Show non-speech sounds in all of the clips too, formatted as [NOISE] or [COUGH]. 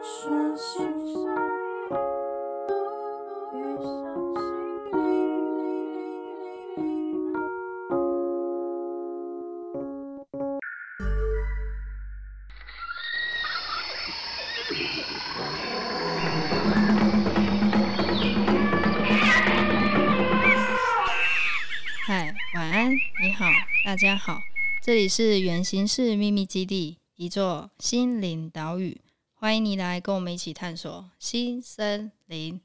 嗨，靈靈靈 Hi, 晚安，你好，大家好，這裡是源形式秘密基地，一座心靈島嶼。歡迎你來跟我們一起探索新森林。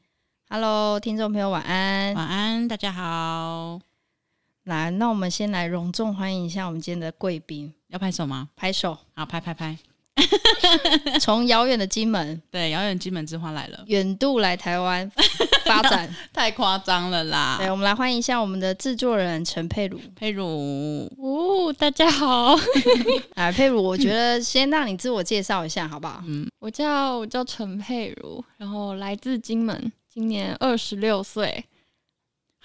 Hello，聽眾朋友，晚安，晚安，大家好。來，那我們先來隆重歡迎一下我們今天的貴賓。要拍手嗎？拍手，好，拍拍拍。 [LAUGHS] 從遙遠的金門，對，遙遠金門之花來了，遠渡來台灣。 [LAUGHS] 發展太誇張了啦！對，我們來歡迎一下我們的製作人陳珮茹。珮茹，哦，大家好。 [LAUGHS] 珮茹，我覺得先讓你自我介紹一下好不好？嗯，我叫我叫陳珮茹，然後來自金門，今年二十六歲。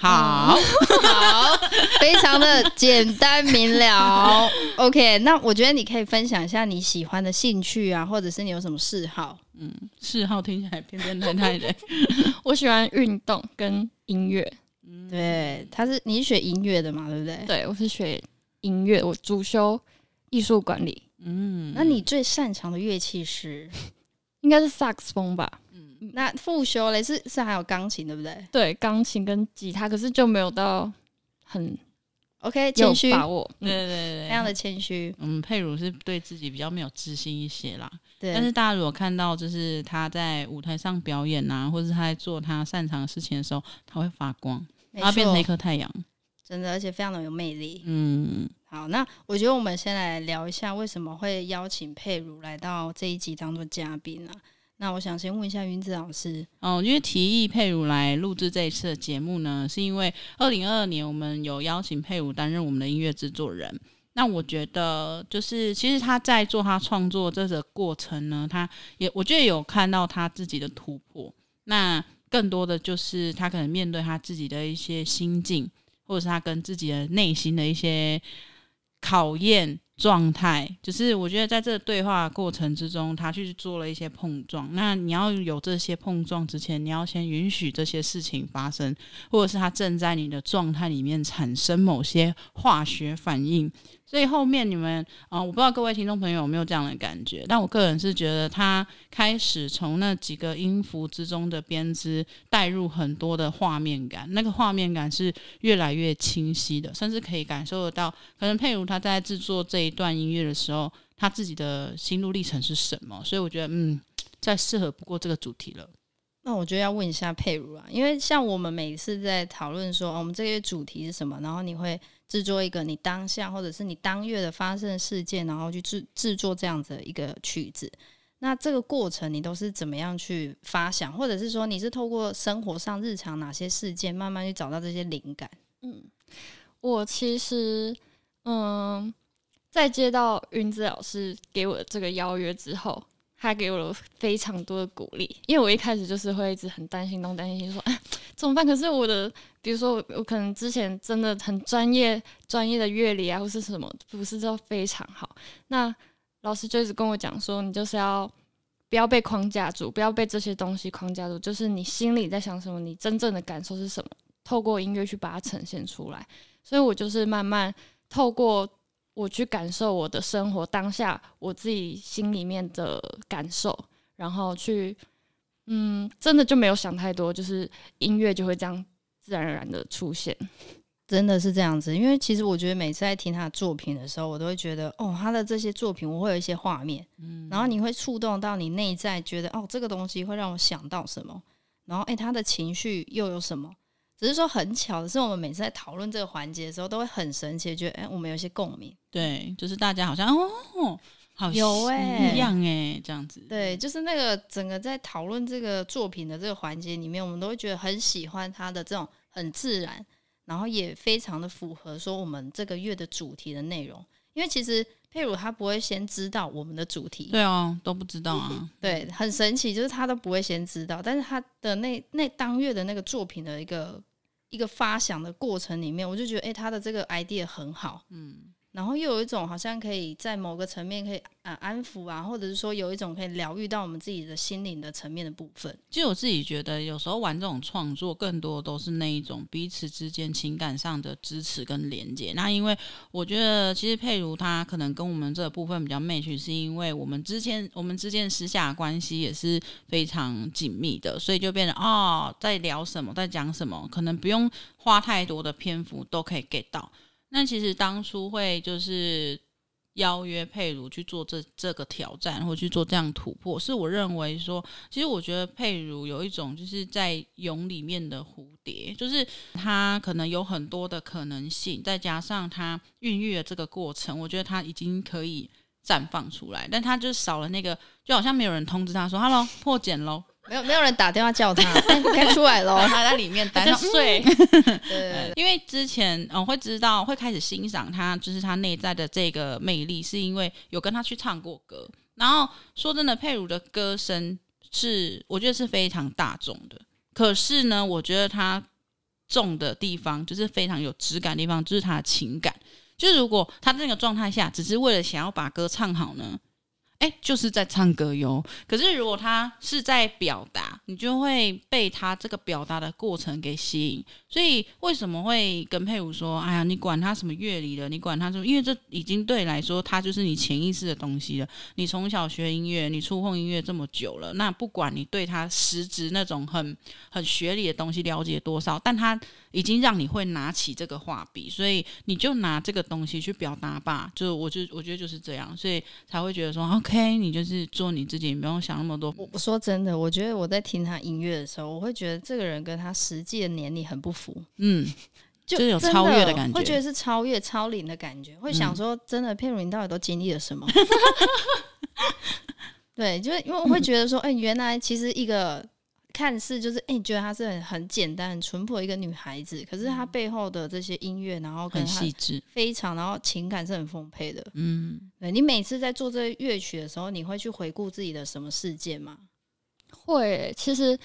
好好，好 [LAUGHS] 非常的簡單明了。 [LAUGHS] OK，那我覺得你可以分享一下你喜歡的興趣啊，或者是你有什麼嗜好。嗯，嗜好聽起來偏偏太太的。 [LAUGHS] 我喜歡運動跟音樂。嗯，對，他是你是學音樂的嘛，對不對？對，我是學音樂，我主修藝術管理。嗯，那你最擅長的樂器是？ [LAUGHS] 應該是薩克斯風吧。那副修嘞是是還有鋼琴對不對？對，鋼琴跟吉他，可是就沒有到很 OK，謙虛把握、嗯，對對對，非常的謙虛。嗯，珮茹是對自己比較沒有自信一些啦。對，但是大家如果看到就是他在舞台上表演啊，或者是他在做他擅長的事情的時候，他會發光，他變成一顆太陽。真的，而且非常的有魅力。嗯，好，那我覺得我們先來聊一下，為什麼會邀請珮茹來到這一集當做嘉賓呢、啊？那我想先問一下芸子老師嗯、哦，因為提議珮茹來錄製這一次的節目呢，是因為二零二二年我們有邀請珮茹擔任我們的音樂製作人。那我覺得，就是其實他在做他創作這個過程呢，他也我覺得有看到他自己的突破。那更多的就是他可能面對他自己的一些心境，或者是他跟自己的內心的一些考驗。狀態就是，我覺得在這個對話過程之中，他去做了一些碰撞。那你要有這些碰撞之前，你要先允許這些事情發生，或者是他正在你的狀態裡面產生某些化學反應。所以後面你們啊、呃，我不知道各位聽眾朋友有沒有這樣的感覺，但我個人是覺得他開始從那幾個音符之中的編織帶入很多的畫面感，那個畫面感是越來越清晰的，甚至可以感受得到。可能珮茹他在製作這一段音樂的時候，他自己的心路歷程是什麼？所以我覺得，嗯，再適合不過這個主題了。那我覺得要問一下珮茹啊，因為像我們每次在討論說、哦、我們這個主題是什麼，然後你會。製作一個你當下或者是你當月的發生的事件，然後去製製作這樣子的一個曲子。那這個過程你都是怎麼樣去發想，或者是說你是透過生活上日常哪些事件慢慢去找到這些靈感？嗯，我其實嗯，在接到芸子老師給我的這個邀約之後。他給我了非常多的鼓勵，因為我一開始就是會一直很擔心、東擔心西，說哎怎麼辦？可是我的，比如說我，我可能之前真的很專業、專業的樂理啊，或是什麼，不是做非常好。那老師就一直跟我講說，你就是要不要被框架住，不要被這些東西框架住，就是你心裡在想什麼，你真正的感受是什麼，透過音樂去把它呈現出來。所以我就是慢慢透過。我去感受我的生活，當下我自己心裡面的感受，然後去，嗯，真的就沒有想太多，就是音樂就會這樣自然而然的出現，真的是這樣子。因為其實我覺得每次在聽他的作品的時候，我都會覺得，哦，他的這些作品，我會有一些畫面，嗯，然後你會觸動到你內在，覺得，哦，這個東西會讓我想到什麼，然後，欸，他的情緒又有什麼？只是說很巧的是我們每次在討論這個環節的時候，都會很神奇，覺得誒、欸，我們有些共鳴。對，就是大家好像哦，哦，好像、欸、有誒，一樣誒。這樣子。對，就是那個整個在討論這個作品的這個環節裡面，我們都會覺得很喜歡他的這種很自然，然後也非常的符合說我們這個月的主題的內容。因為其實珮茹他不會先知道我們的主題，對啊、哦，都不知道啊。 [LAUGHS] 對，很神奇，就是他都不會先知道，但是他的那那當月的那個作品的一個。一個發想的過程裡面，我就覺得，誒、欸，他的這個 idea 很好，嗯。然後又有一種好像可以在某個層面可以啊安撫啊，或者是說有一種可以療癒到我們自己的心靈的層面的部分。其實我自己覺得，有時候玩這種創作，更多都是那一種彼此之間情感上的支持跟連接。那因為我覺得，其實珮茹他可能跟我們這個部分比較 match，是因為我們之間我們之間私下的關係也是非常緊密的，所以就變成哦，在聊什麼，在講什麼，可能不用花太多的篇幅都可以 get 到。那其實當初會就是邀約珮茹去做這這個挑戰，或去做這樣突破，是我認為說，其實我覺得珮茹有一種就是在蛹裡面的蝴蝶，就是她可能有很多的可能性，再加上她孕育的這個過程，我覺得她已經可以綻放出來，但她就少了那個，就好像沒有人通知她說「Hello」，破繭嘍。沒有，沒有人打電話叫他，但該出來嘍！ [LAUGHS] 他在裡面待着睡。 [LAUGHS] 對對對對，因為之前，嗯，會知道，會開始欣賞他，就是他內在的這個魅力，是因為有跟他去唱過歌。然後說真的，珮茹的歌聲是，我覺得是非常大眾的。可是呢，我覺得他重的地方，就是非常有質感的地方，就是他的情感。就是如果他那個狀態下，只是為了想要把歌唱好呢？哎、欸，就是在唱歌喲。可是如果他是在表達，你就會被他這個表達的過程給吸引。所以為什麼會跟珮茹說：“哎呀，你管他什麼樂理的，你管他什麼？”因為這已經對你來說，他就是你潛意識的東西了。你從小學音樂，你觸碰音樂這麼久了，那不管你對他實質那種很很學理的東西了解多少，但他已經讓你會拿起這個畫筆，所以你就拿這個東西去表達吧。就我就我覺得就是這樣，所以才會覺得說：“ OK, 呸！你就是做你自己，你不用想那麼多。我我說真的，我覺得我在聽他音樂的時候，我會覺得這個人跟他實際的年齡很不符。嗯，就是有超越的感覺，會覺得是超越超齡的感覺，嗯、會想說，真的珮茹，你到底都經歷了什麼？ [LAUGHS] [LAUGHS] [LAUGHS] 對，就是因為我會覺得說，哎、嗯欸，原來其實一個。看似就是哎，欸、你覺得她是很很簡單、很淳樸的一個女孩子，可是她背後的這些音樂，然後很細緻，非常，然後情感是很豐沛的。嗯，對，你每次在做這些樂曲的時候，你會去回顧自己的什麼事件嗎？會，其實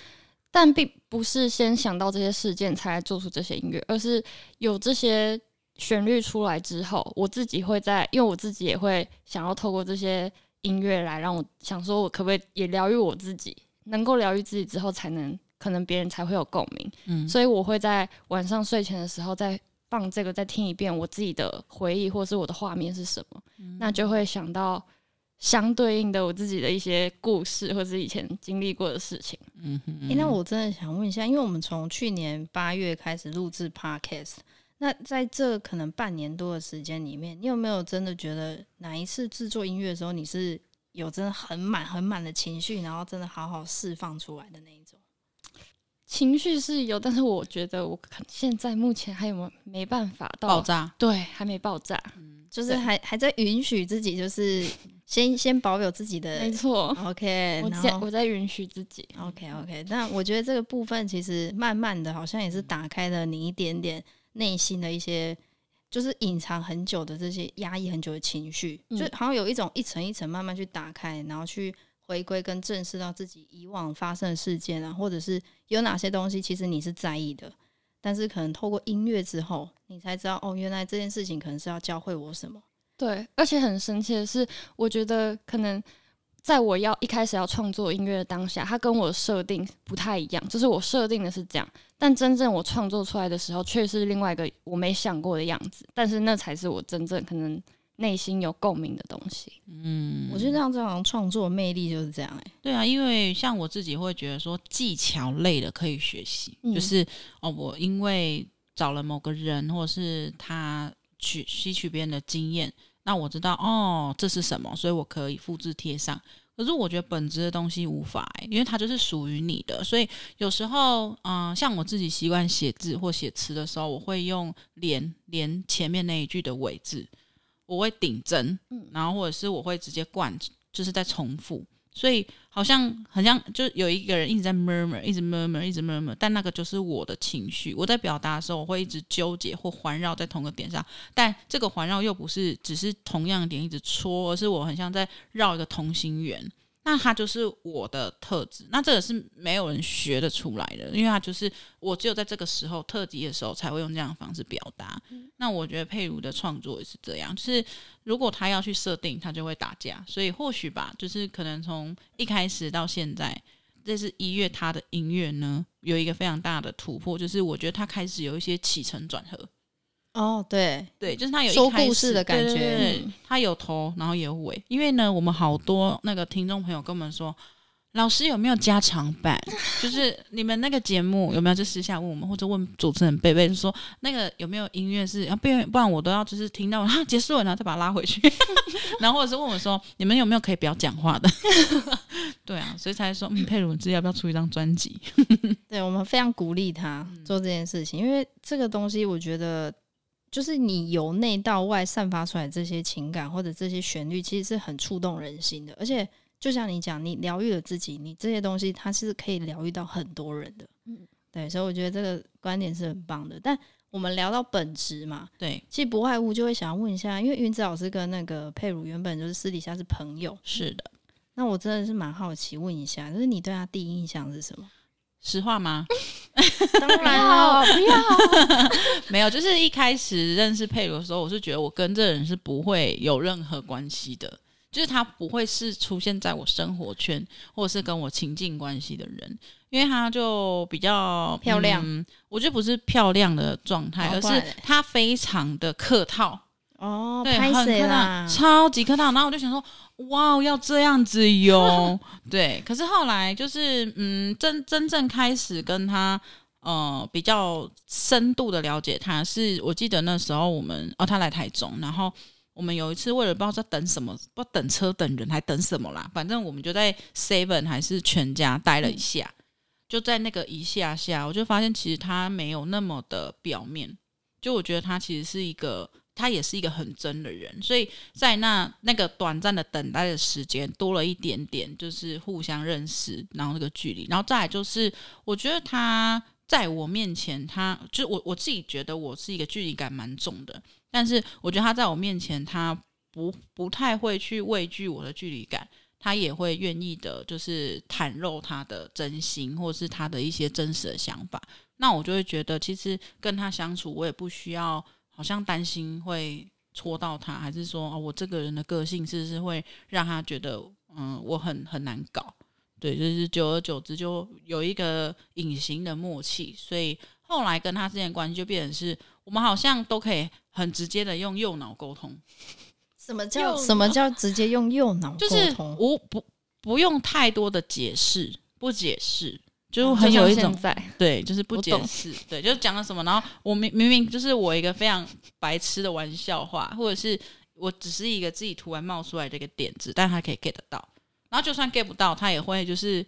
但並不是先想到這些事件才來做出這些音樂，而是有這些旋律出來之後，我自己會在，因為我自己也會想要透過這些音樂來讓我想說，我可不可以也療癒我自己。能夠療癒自己之後，才能可能別人才會有共鳴。嗯，所以我會在晚上睡前的時候再放這個，再聽一遍我自己的回憶，或是我的畫面是什麼。嗯，那就會想到相對應的我自己的一些故事，或是以前經歷過的事情。嗯哼嗯。欸，那我真的想問一下，因為我們從去年八月開始錄製 Podcast，那在這可能半年多的時間裡面，你有沒有真的覺得哪一次製作音樂的時候你是？有真的很滿很滿的情緒，然後真的好好釋放出來的那一種情緒是有，但是我覺得我現在目前還有沒沒辦法到爆炸，對，還沒爆炸，嗯，就是還還在允許自己，就是先先保有自己的，沒錯，OK，然後我在我在允許自己，OK OK，但我覺得這個部分其實慢慢的好像也是打開了你一點點內心的一些。就是隱藏很久的這些壓抑很久的情緒，嗯，就好像有一種一層一層慢慢去打開，然後去回歸跟正視到自己以往發生的事件啊，或者是有哪些東西其實你是在意的，但是可能透過音樂之後，你才知道哦，原來這件事情可能是要教會我什麼。對，而且很神奇的是，我覺得可能。在我要一開始要創作音樂的當下，它跟我的設定不太一樣。就是我設定的是這樣，但真正我創作出來的時候，卻是另外一個我沒想過的樣子。但是那才是我真正可能內心有共鳴的東西。嗯，我覺得像這樣創作的魅力就是這樣欸。對啊，因為像我自己會覺得說，技巧類的可以學習。嗯，就是哦，我因為找了某個人，或者是他吸取別人的經驗。那我知道哦，這是什麼，所以我可以複製貼上。可是我覺得本質的東西無法誒，因為它就是屬於你的。所以有時候，嗯、呃，像我自己習慣寫字或寫詞的時候，我會用連連前面那一句的尾字，我會頂針，然後或者是我會直接灌，就是在重複。所以好像很像，就有一個人一直在 murmur，一直 murmur，一直 murmur，但那個就是我的情緒。我在表達的時候，我會一直糾結或環繞在同個點上，但這個環繞又不是只是同樣一點一直戳，而是我很像在繞一個同心圓。那他就是我的特質，那這個是沒有人學得出來的，因為他就是我只有在這個時候特輯的時候才會用這樣的方式表達，嗯。那我覺得珮茹的創作也是這樣，就是如果他要去設定，他就會打架。所以或許吧，就是可能從一開始到現在，這是一月他的音樂呢有一個非常大的突破，就是我覺得他開始有一些起承轉合。哦、oh,，對對，就是他有說故事的感覺，他有頭，然後也有尾。因為呢，我們好多那個聽眾朋友跟我們說，老師有沒有加長版？就是你們那個節目有沒有？就私下問我們，或者問主持人貝貝說，就說那個有沒有音樂是要不、啊、不然我都要就是聽到然後結束了，然後再把它拉回去。 [LAUGHS] 然後或者是問我們說，你們有沒有可以不要講話的？ [LAUGHS] 對啊，所以才說嗯，珮茹要不要出一張專輯？ [LAUGHS] 對我們非常鼓勵他做這件事情，因為這個東西我覺得。就是你由內到外散發出來這些情感或者這些旋律，其實是很觸動人心的。而且就像你講，你療癒了自己，你這些東西它是可以療癒到很多人的。嗯，對，所以我覺得這個觀點是很棒的。但我們聊到本質嘛，對，其實不外乎就會想要問一下，因為芸子老師跟那個珮茹原本就是私底下是朋友，是的。嗯，那我真的是蠻好奇，問一下，就是你對他第一印象是什麼？實話嗎？嗯、當然了 [LAUGHS] 不要，不要 [LAUGHS] 沒有。就是一開始認識佩茹的時候，我是覺得我跟這個人是不會有任何關係的，就是他不會是出現在我生活圈或者是跟我親近關係的人，因為他就比較漂亮。嗯、我覺得不是漂亮的狀態，而是他非常的客套。哦，oh，對，很刻當，超級刻當。然後我就想說，哇，要這樣子喲， [LAUGHS] 對。可是後來就是，嗯，真真正開始跟他，呃，比較深度的了解他是，是我記得那時候我們，哦，他來台中，然後我們有一次為了不知道在等什麼，不知道等車等人，還等什麼啦？反正我們就在 Seven 還是全家待了一下，嗯，就在那個一下下，我就發現其實他沒有那麼的表面，就我覺得他其實是一個。他也是一個很真的人，所以在那那個短暫的等待的時間多了一點點，就是互相認識，然後那個距離，然後再來就是，我覺得他在我面前，他就我我自己覺得我是一個距離感蠻重的，但是我覺得他在我面前，他不不太會去畏懼我的距離感，他也會願意的，就是袒露他的真心或是他的一些真實的想法，那我就會覺得其實跟他相處，我也不需要。好像擔心會戳到他，還是說啊、哦，我這個人的個性是不是會讓他覺得，嗯，我很很難搞？對，就是久而久之就有一個隱形的默契，所以後來跟他之間的關係就變成是我們好像都可以很直接的用右腦溝通。什麼叫什麼叫直接用右腦溝通？就是無不不用太多的解釋，不解釋。就很有一種在，對，就是不解釋，對，就是講了什麼。然後我明明明就是我一個非常白痴的玩笑話，或者是我只是一個自己突然冒出來的一個點子，但他可以 get 到。然後就算 get 不到，他也會就是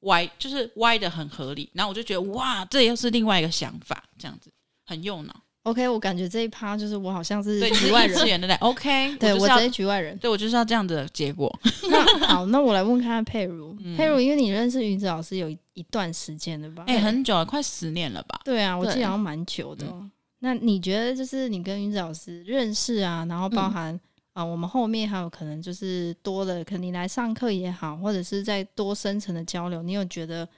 歪，就是歪的很合理。然後我就覺得哇，這又是另外一個想法，這樣子很用腦。OK，我感覺這一趴就是我好像是局外人對。OK， [LAUGHS] 對，我直接局外人，對，我就是要這樣的結果 [LAUGHS] 那，好，那我來問看看珮茹，嗯、珮茹，因為你認識芸子老師有一段時間了吧，欸？很久了，快十年了吧？對，對啊，我記得好像蠻久的，嗯。那你覺得，就是你跟芸子老師認識啊，然後包含啊、嗯呃，我們後面還有可能就是多的，可能你來上課也好，或者是在多深層的交流，你有覺得？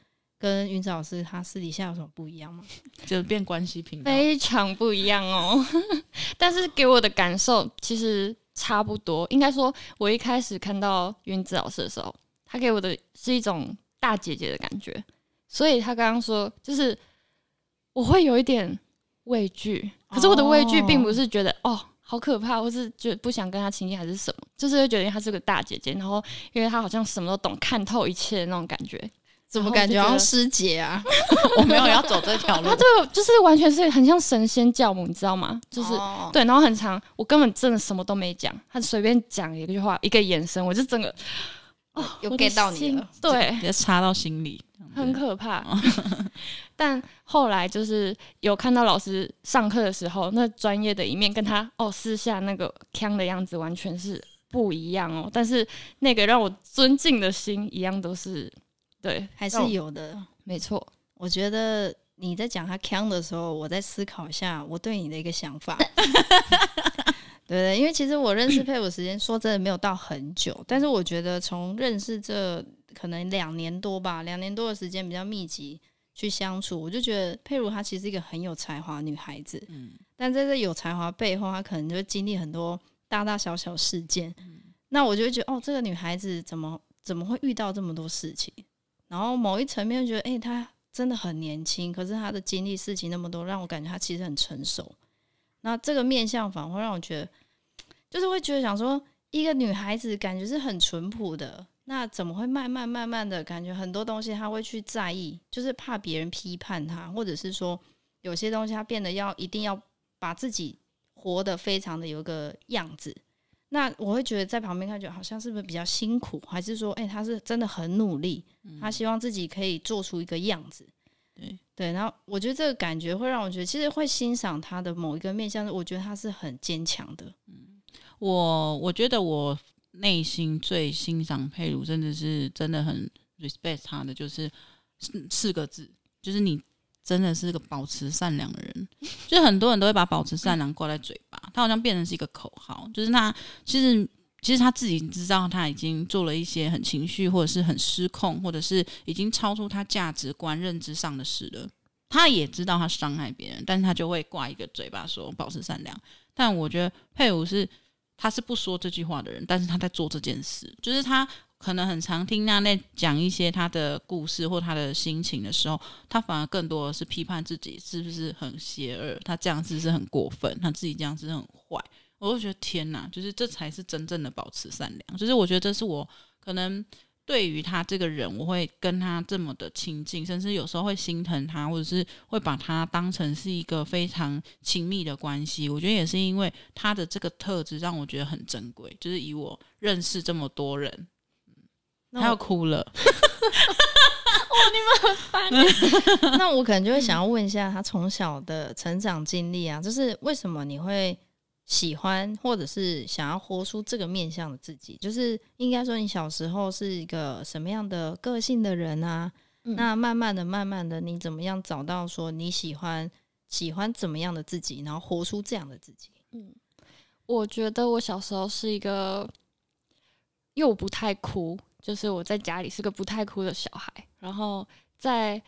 跟芸子老師，他私底下有什麼不一樣嗎？就是變關係平等，非常不一樣哦。 [LAUGHS] [LAUGHS] 但是給我的感受其實差不多。應該說，我一開始看到芸子老師的時候，他給我的是一種大姐姐的感覺。所以他剛剛說，就是我會有一點畏懼，可是我的畏懼並不是覺得哦好可怕，或是就不想跟他親近還是什麼，就是會覺得他是個大姐姐，然後因為他好像什麼都懂，看透一切的那種感覺。怎麼感覺好像師姐啊？Oh, 我， [LAUGHS] 我沒有要走這條路， [LAUGHS] 他這個就是完全是很像神仙教母，你知道嗎？就是、oh. 對，然後很常，我根本真的什麼都沒講，他隨便講一句話，一個眼神，我就整個、oh. 哦，有 get 到你了，對，直接插到心裡，很可怕。Oh. [LAUGHS] 但後來就是有看到老師上課的時候那專業的一面，跟他、mm. 哦私下那個腔的樣子完全是不一樣哦，但是那個讓我尊敬的心一樣都是。對，還是有的，哦、沒錯。我覺得你在講他腔的時候，我在思考一下我對你的一個想法， [LAUGHS] [LAUGHS] [LAUGHS] 對不對？因為其實我認識珮茹的時間， [COUGHS] 說真的沒有到很久，但是我覺得從認識這可能兩年多吧，兩年多的時間比較密集去相處，我就覺得珮茹她其實是一個很有才華的女孩子，嗯。但在這有才華背後，她可能就經歷很多大大小小事件，嗯、那我就會覺得哦，這個女孩子怎麼怎麼會遇到這麼多事情？然後某一層面覺得，哎、欸，他真的很年輕，可是他的經歷事情那麼多，讓我感覺他其實很成熟。那這個面相反而會讓我覺得，就是會覺得想說，一個女孩子感覺是很淳樸的，那怎麼會慢慢慢慢的感覺很多東西她會去在意，就是怕別人批判她，或者是說有些東西她變得要一定要把自己活得非常的有個樣子。那我會覺得在旁邊看，覺得好像是不是比較辛苦，還是說，哎、欸，他是真的很努力、嗯，他希望自己可以做出一個樣子，對對。然後我覺得這個感覺會讓我覺得，其實會欣賞他的某一個面向，我覺得他是很堅強的。嗯，我我覺得我內心最欣賞珮茹，真的是真的很 respect 他的，就是四四個字，就是你。真的是一個保持善良的人，就很多人都會把保持善良掛在嘴巴，他好像變成是一個口號。就是他其實其實他自己知道他已經做了一些很情緒或者是很失控，或者是已經超出他價值觀認知上的事了。他也知道他傷害別人，但是他就會掛一個嘴巴說保持善良。但我覺得珮茹是他是不說這句話的人，但是他在做這件事，就是他。可能很常聽娜娜講一些她的故事或她的心情的時候，她反而更多的是批判自己是不是很邪惡，她這樣子是很過分，她自己這樣子很壞。我就覺得天哪，就是這才是真正的保持善良。就是我覺得這是我可能對於他這個人，我會跟他這麼的親近，甚至有時候會心疼他，或者是會把他當成是一個非常親密的關係。我覺得也是因為他的這個特質讓我覺得很珍貴，就是以我認識這麼多人。那他要哭了， [LAUGHS] 哇！你們很煩。 [LAUGHS] 那我可能就會想要問一下他從小的成長經歷啊，就是為什麼你會喜歡，或者是想要活出這個面向的自己？就是應該說，你小時候是一個什麼樣的個性的人啊？嗯、那慢慢的、慢慢的，你怎麼樣找到說你喜歡、喜歡怎麼樣的自己，然後活出這樣的自己？嗯，我覺得我小時候是一個又不太哭。就是我在家裡是個不太哭的小孩，然後在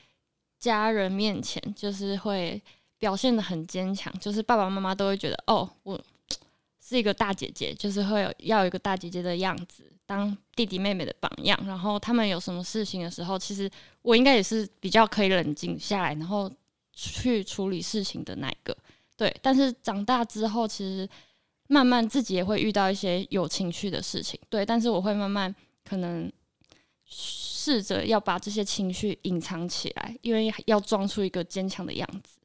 家人面前就是會表現得很堅強，就是爸爸媽媽都會覺得哦，我是一個大姐姐，就是會有要有一個大姐姐的樣子，當弟弟妹妹的榜樣。然後他們有什麼事情的時候，其實我應該也是比較可以冷靜下來，然後去處理事情的那一個。對，但是長大之後，其實慢慢自己也會遇到一些有情緒的事情，對，但是我會慢慢。可能試着要把這些情緒隱藏起來，因為要裝出一個堅強的樣子。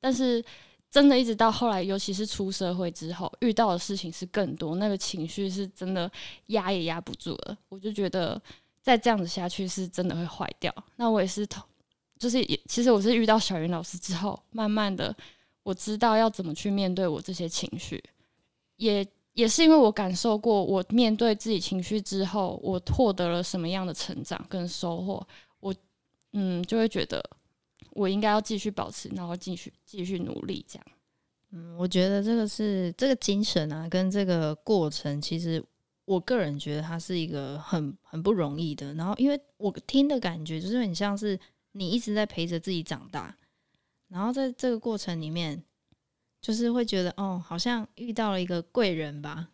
但是真的，一直到後來，尤其是出社會之後，遇到的事情是更多，那個情緒是真的壓也壓不住了。我就覺得，再這樣子下去是真的會壞掉。那我也是，就是也，其實我是遇到小芸老師之後，慢慢的我知道要怎麼去面對我這些情緒，也。也是因為我感受過，我面對自己情緒之後，我獲得了什麼樣的成長跟收穫，我嗯就會覺得我應該要繼續保持，然後繼續繼續努力這樣。嗯，我覺得這個是這個精神啊，跟這個過程，其實我個人覺得它是一個很很不容易的。然後因為我聽的感覺就是很像是你一直在陪着自己長大，然後在這個過程裡面。就是會覺得哦，好像遇到了一個貴人吧？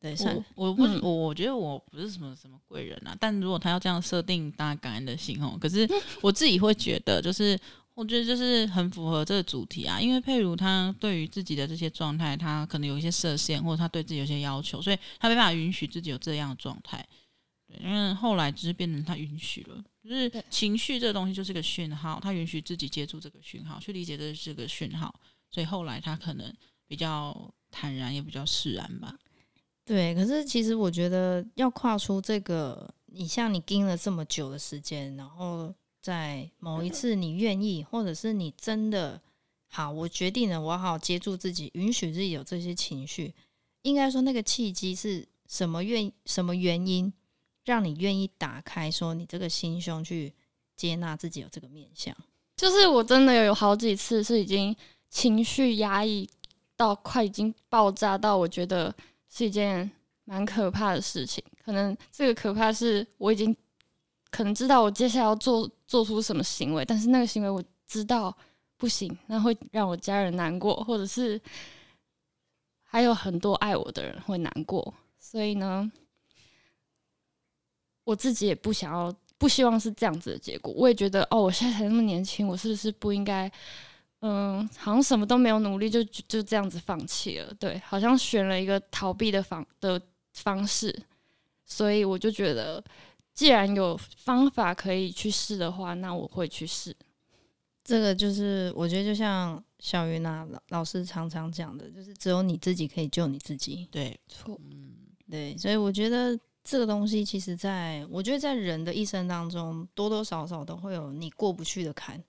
對，算我，我不，我、嗯、我覺得我不是什麼什麼貴人啊。但如果他要這樣設定，大家感恩的心哦。可是我自己會覺得，就是、嗯、我覺得就是很符合這個主題啊。因為珮茹他對於自己的這些狀態，他可能有一些設限，或者他對自己有些要求，所以他沒辦法允許自己有這樣的狀態。對，因為後來就是變成他允許了，就是情緒這個東西就是個訊號，他允許自己接觸這個訊號，去理解這是個訊號。所以後來他可能比較坦然，也比較釋然吧。對，可是其實我覺得要跨出這個，你像你盯了這麼久的時間，然後在某一次你願意，或者是你真的好，我決定了，我好接住自己，允許自己有這些情緒。應該說，那個契機是什麼願，什麼原因讓你願意打開，說你這個心胸去接納自己有這個面向？就是我真的有好幾次是已經。情緒壓抑到快已經爆炸到，我覺得是一件蠻可怕的事情。可能這個可怕是，我已經可能知道我接下來要做做出什麼行為，但是那個行為我知道不行，那會讓我家人難過，或者是還有很多愛我的人會難過。所以呢，我自己也不想要，不希望是這樣子的結果。我也覺得，哦，我現在還那麼年輕，我是不是不應該？嗯，好像什麼都沒有努力就，就就這樣子放棄了。對，好像選了一個逃避的方的方式。所以我就覺得，既然有方法可以去試的話，那我會去試。這個就是我覺得，就像小芸那、啊、老老師常常講的，就是只有你自己可以救你自己。對，錯，嗯，對。所以我覺得這個東西，其實在我覺得在人的一生當中，多多少少都會有你過不去的坎。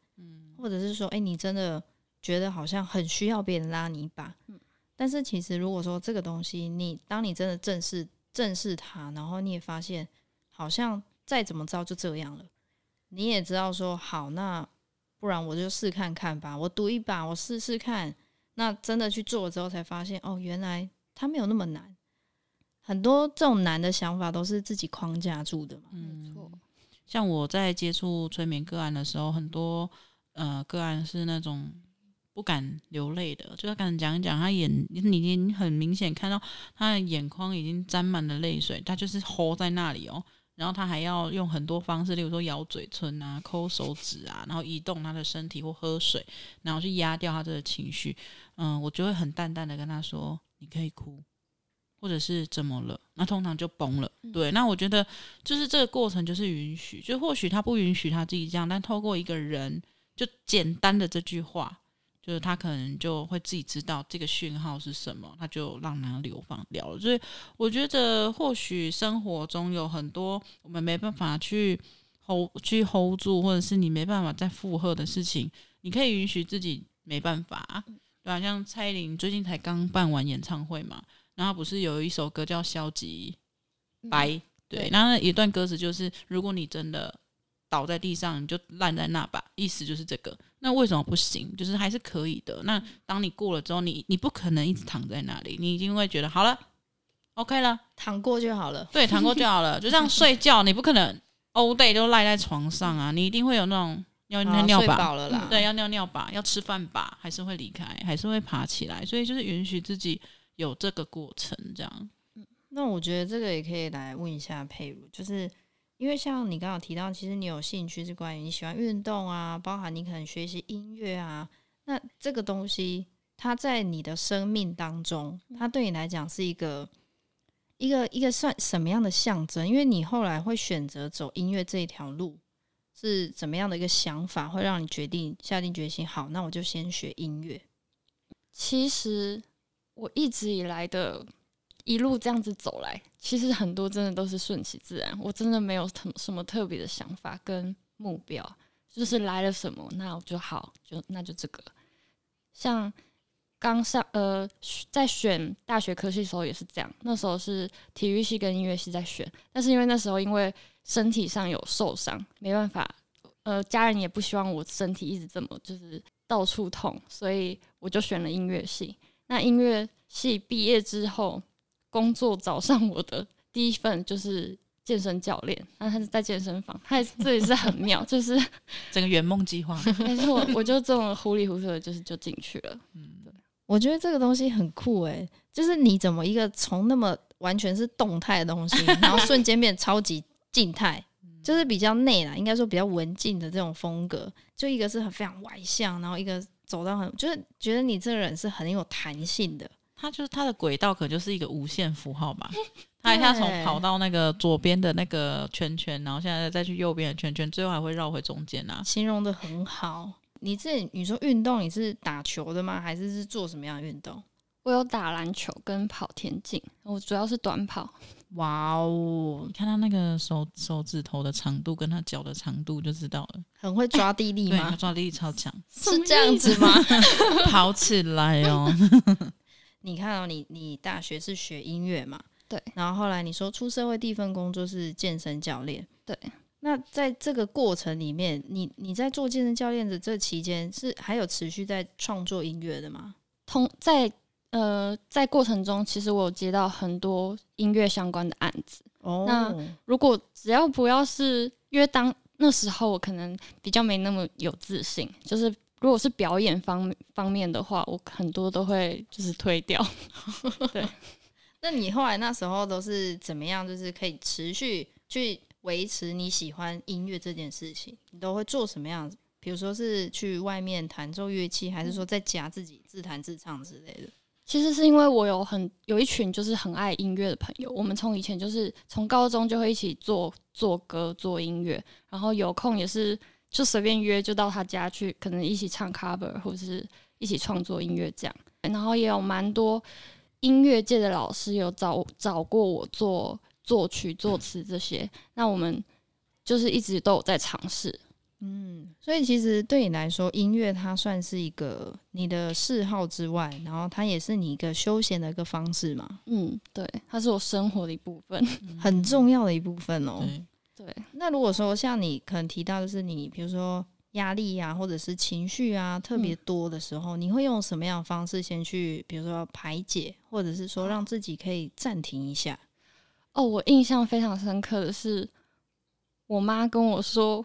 或者是說，誒、欸，你真的覺得好像很需要別人拉你一把，但是其實如果說這個東西，你當你真的正視正視它，然後你也發現好像再怎麼着就這樣了，你也知道說好，那不然我就試看看吧，我賭一把，我試試看。那真的去做了之後才發現，哦，原來它沒有那麼難。很多這種難的想法都是自己框架住的嘛，沒錯、嗯。像我在接觸催眠個案的時候，嗯、很多。呃，個案是那種不敢流淚的，就跟他講一講，他眼你已經很明顯看到他的眼眶已經沾滿了淚水，他就是吼在那裡哦，然後他還要用很多方式，例如說咬嘴唇啊、摳手指啊，然後移動他的身體或喝水，然後去壓掉他這個情緒。嗯、呃，我就會很淡淡的跟他說：“你可以哭，或者是怎麼了？”那通常就崩了。嗯、對，那我覺得就是這個過程就是允許，就或許他不允許他自己這樣，但透過一個人。就簡單的這句話，就是他可能就會自己知道這個訊號是什麼，他就讓它流放掉了。所以我覺得，或許生活中有很多我們沒辦法去 hold 去 hold 住，或者是你沒辦法再負荷的事情，你可以允許自己沒辦法。對啊，像蔡依林最近才剛辦完演唱會嘛，然後不是有一首歌叫《消極掰》，嗯，對，那一段歌詞就是：如果你真的。倒在地上你就爛在那吧，意思就是這個。那為什麼不行？就是還是可以的。那當你過了之後，你你不可能一直躺在那裡，你一定會覺得好了，OK 了，躺過就好了。對，躺過就好了。 [LAUGHS] 就像睡覺，你不可能 all day 都賴在床上啊。你一定會有那種要尿尿吧、啊，對，要尿尿吧，要吃飯吧，還是會離開，還是會爬起來。所以就是允許自己有這個過程，這樣。那我覺得這個也可以來問一下珮茹，就是。因為像你剛剛提到，其實你有興趣是關於你喜歡運動啊，包含你可能學習音樂啊，那這個東西它在你的生命當中，它對你來講是一個一個一個算什麼樣的象徵？因為你後來會選擇走音樂這一條路，是怎麼樣的一個想法，會讓你決定下定決心，好，那我就先學音樂。其實我一直以來的一路這樣子走來，其實很多真的都是順其自然。我真的沒有特什麼特別的想法跟目標，就是來了什麼，那我就好，就那就這個。像剛上呃，在選大學科系的時候也是這樣，那時候是體育系跟音樂系在選，但是因為那時候因為身體上有受傷，沒辦法，呃，家人也不希望我身體一直這麼就是到處痛，所以我就選了音樂系。那音樂系畢業之後。工作找上我的第一份就是健身教練，那、啊、他是在健身房，他這也是， [LAUGHS] 是很妙，就是整個圓夢計劃。 [LAUGHS] 但是我，我就這麼糊里糊塗的、就是，就是就進去了。嗯，對，我覺得這個東西很酷哎、欸，就是你怎麼一個從那麼完全是動態的東西，然後瞬間變超級靜態， [LAUGHS] 就是比較內啦，應該說比較文靜的這種風格，就一個是很非常外向，然後一個走到很就是覺得你這個人是很有彈性的。他就是它的軌道可就是一個無限符號吧，欸、他一下從跑到那個左邊的那個圈圈，然後現在再去右邊的圈圈，最後還會繞回中間啊。形容得很好。你這你說運動，你是打球的嗎？還是是做什麼樣的運動？我有打籃球跟跑田徑，我主要是短跑。哇、wow、哦！你看他那個手手指頭的長度跟他腳的長度就知道了，很會抓地力嗎？欸、對他抓地力超強，是這樣子嗎？ [LAUGHS] 跑起來哦。 [LAUGHS] 你看到、哦、你，你大學是學音樂嘛？對。然後後來你說出社會第一份工作是健身教練。對。那在這個過程裡面，你你在做健身教練的這期間，是還有持續在創作音樂的嗎？通在呃，在過程中，其實我有接到很多音樂相關的案子。哦。那如果只要不要是約，因為當那時候我可能比較沒那麼有自信，就是。如果是表演方方面的話，我很多都會就是推掉。 [LAUGHS] 對，那你後來那時候都是怎麼樣？就是可以持續去維持你喜歡音樂這件事情，你都會做什麼樣子？比如說是去外面彈奏樂器，還是說在家自己、嗯、自彈自唱之類的？其實是因為我有很有一群就是很愛音樂的朋友，我們從以前就是從高中就會一起做做歌做音樂，然後有空也是。就隨便約，就到他家去，可能一起唱 cover 或者是一起創作音樂這樣。然後也有蠻多音樂界的老師有找找過我做作曲、作詞這些，嗯。那我們就是一直都有在嘗試。嗯，所以其實對你來說，音樂它算是一個你的嗜好之外，然後它也是你一個休閒的一個方式嘛。嗯，對，它是我生活的一部分。嗯，很重要的一部分喔。對，那如果說像你可能提到的是你，比如說壓力呀、啊，或者是情緒啊特別多的時候、嗯，你會用什麼樣的方式先去，比如說排解，或者是說讓自己可以暫停一下、嗯？哦，我印象非常深刻的是，我媽跟我說，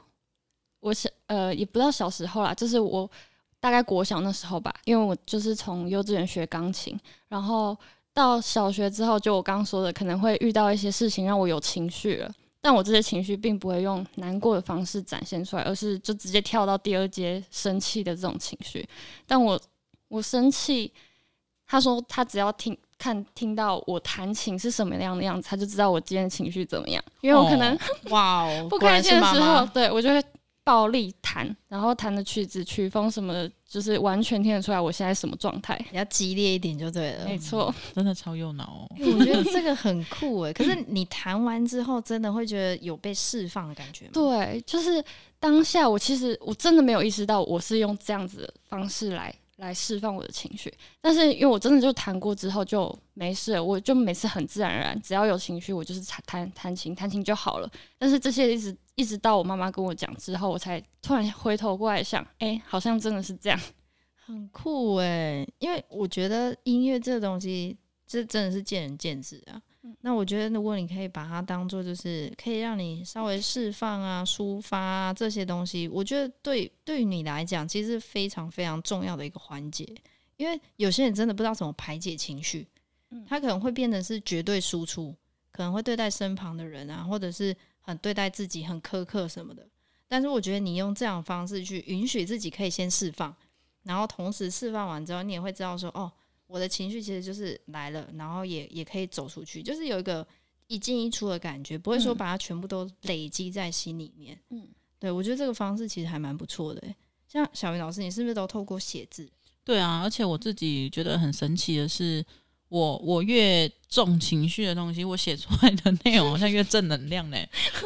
我小呃也不知道小時候啦，就是我大概國小那時候吧，因為我就是從幼稚園學鋼琴，然後到小學之後，就我剛說的可能會遇到一些事情讓我有情緒了。但我這些情緒並不會用難過的方式展現出來，而是就直接跳到第二節生氣的這種情緒。但我我生氣，他說他只要聽看聽到我彈琴是什麼樣的樣子，他就知道我今天的情緒怎麼樣。因為我可能、哦、 [LAUGHS] 哇、哦，不開心的時候，媽媽對我就會。暴力彈，然後彈的曲子、曲風什麼的，就是完全聽得出來我現在什麼狀態，比較激烈一點就對了。沒錯、嗯，真的超右腦、哦欸，我覺得這個很酷誒， [LAUGHS] 可是你彈完之後，真的會覺得有被釋放的感覺嗎、嗯？對，就是當下我其實我真的沒有意識到我是用這樣子的方式來來釋放我的情緒，但是因為我真的就彈過之後就沒事，我就每次很自然而然，只要有情緒我就是彈彈彈琴，彈琴就好了。但是這些一直。一直到我媽媽跟我講之後，我才突然回頭過來想，哎、欸，好像真的是這樣，很酷哎、欸。因為我覺得音樂這個東西，這真的是見仁見智啊、嗯。那我覺得，如果你可以把它當做就是可以讓你稍微釋放啊、嗯、抒發啊這些東西，我覺得對對於你來講，其實是非常非常重要的一個環節、嗯。因為有些人真的不知道怎麼排解情緒，他可能會變成是絕對輸出，可能會對待身旁的人啊，或者是。很對待自己很苛刻什麼的，但是我覺得你用這樣方式去允許自己可以先釋放，然後同時釋放完之後，你也會知道說，哦，我的情緒其實就是來了，然後也也可以走出去，就是有一個一進一出的感覺，不會說把它全部都累積在心裡面。嗯，對我覺得這個方式其實還蠻不錯的。像小芸老師，你是不是都透過寫字？對啊，而且我自己覺得很神奇的是。我我越重情緒的東西，我寫出來的內容好像越正能量呢。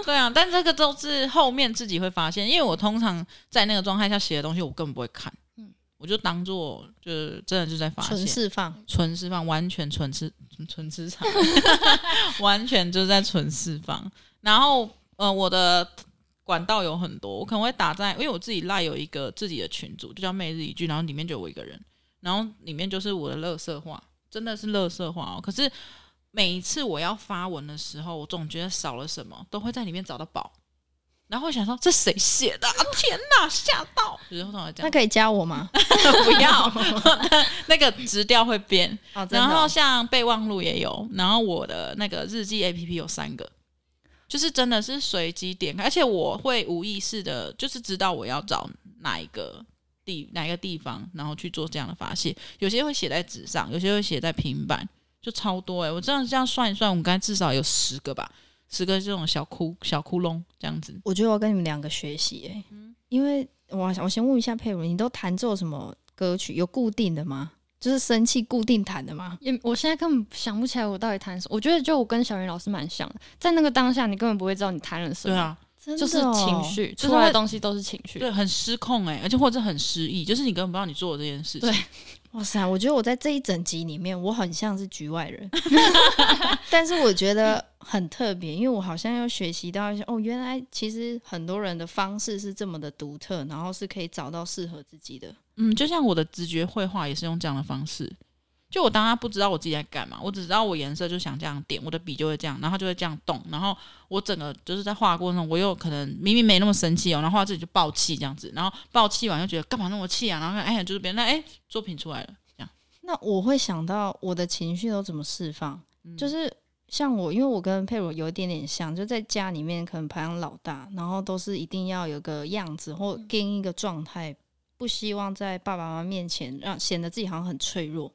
對啊，但這個都是後面自己會發現，因為我通常在那個狀態下寫的東西，我根本不會看。嗯，我就當做就是真的就在發純釋放，純釋放，完全純資純資場。 [LAUGHS] [LAUGHS] 完全就在純釋放。然後呃，我的管道有很多，我可能會打在，因為我自己賴有一個自己的群組，就叫“每日一句”，然後裡面就有我一個人，然後裡面就是我的垃圾話。真的是垃圾話哦！可是每一次我要發文的時候，我總覺得少了什麼，都會在裡面找到寶。然後想說這誰寫的啊？天哪，啊，嚇到！講，那可以加我嗎？ [LAUGHS] 不要 [LAUGHS] [LAUGHS] 那，那個直調會變，哦哦，然後像備忘錄也有，然後我的那個日記 A P P 有三個，就是真的是隨機點開，而且我會無意識的，就是知道我要找哪一個。地哪一個地方，然後去做這樣的發洩，有些會寫在紙上，有些會寫在平板，就超多誒、欸，我這樣這樣算一算，我剛才至少有十個吧，十個這種小窟小窟窿，這樣子。我覺得我跟你們兩個學習哎、欸，嗯，因為我想我先問一下珮茹，你都彈奏什麼歌曲？有固定的嗎？就是生氣固定彈的嗎？因為我現在根本想不起來我到底彈什麼。我覺得就我跟小芸老師蠻像的，在那個當下，你根本不會知道你彈了什麼。對啊。哦、就是情緒，出來的東西都是情緒。對，很失控哎、欸，而且或者很失憶。就是你根本不知道你做的這件事情。對，哇塞，我覺得我在這一整集裡面，我很像是局外人， [LAUGHS] [LAUGHS] 但是我覺得很特別，因為我好像又學習到一些哦，原來其實很多人的方式是這麼的獨特，然後是可以找到適合自己的。嗯，就像我的直覺繪畫也是用這樣的方式。就我當他不知道我自己在幹嘛，我只知道我顏色就想這樣點，我的筆就會這樣，然後他就會這樣動，然後我整個就是在畫過程中，我又可能明明沒那麼生氣哦，然後畫自己就爆氣這樣子，然後爆氣完又覺得幹嘛那麼氣啊，然後哎呀，就是別人哎作品出來了這樣。那我會想到我的情緒都怎麼釋放。嗯，就是像我，因為我跟珮茹有一點點像，就在家裡面可能排行老大，然後都是一定要有個樣子或跟一個狀態，不希望在爸爸媽媽面前讓顯得自己好像很脆弱。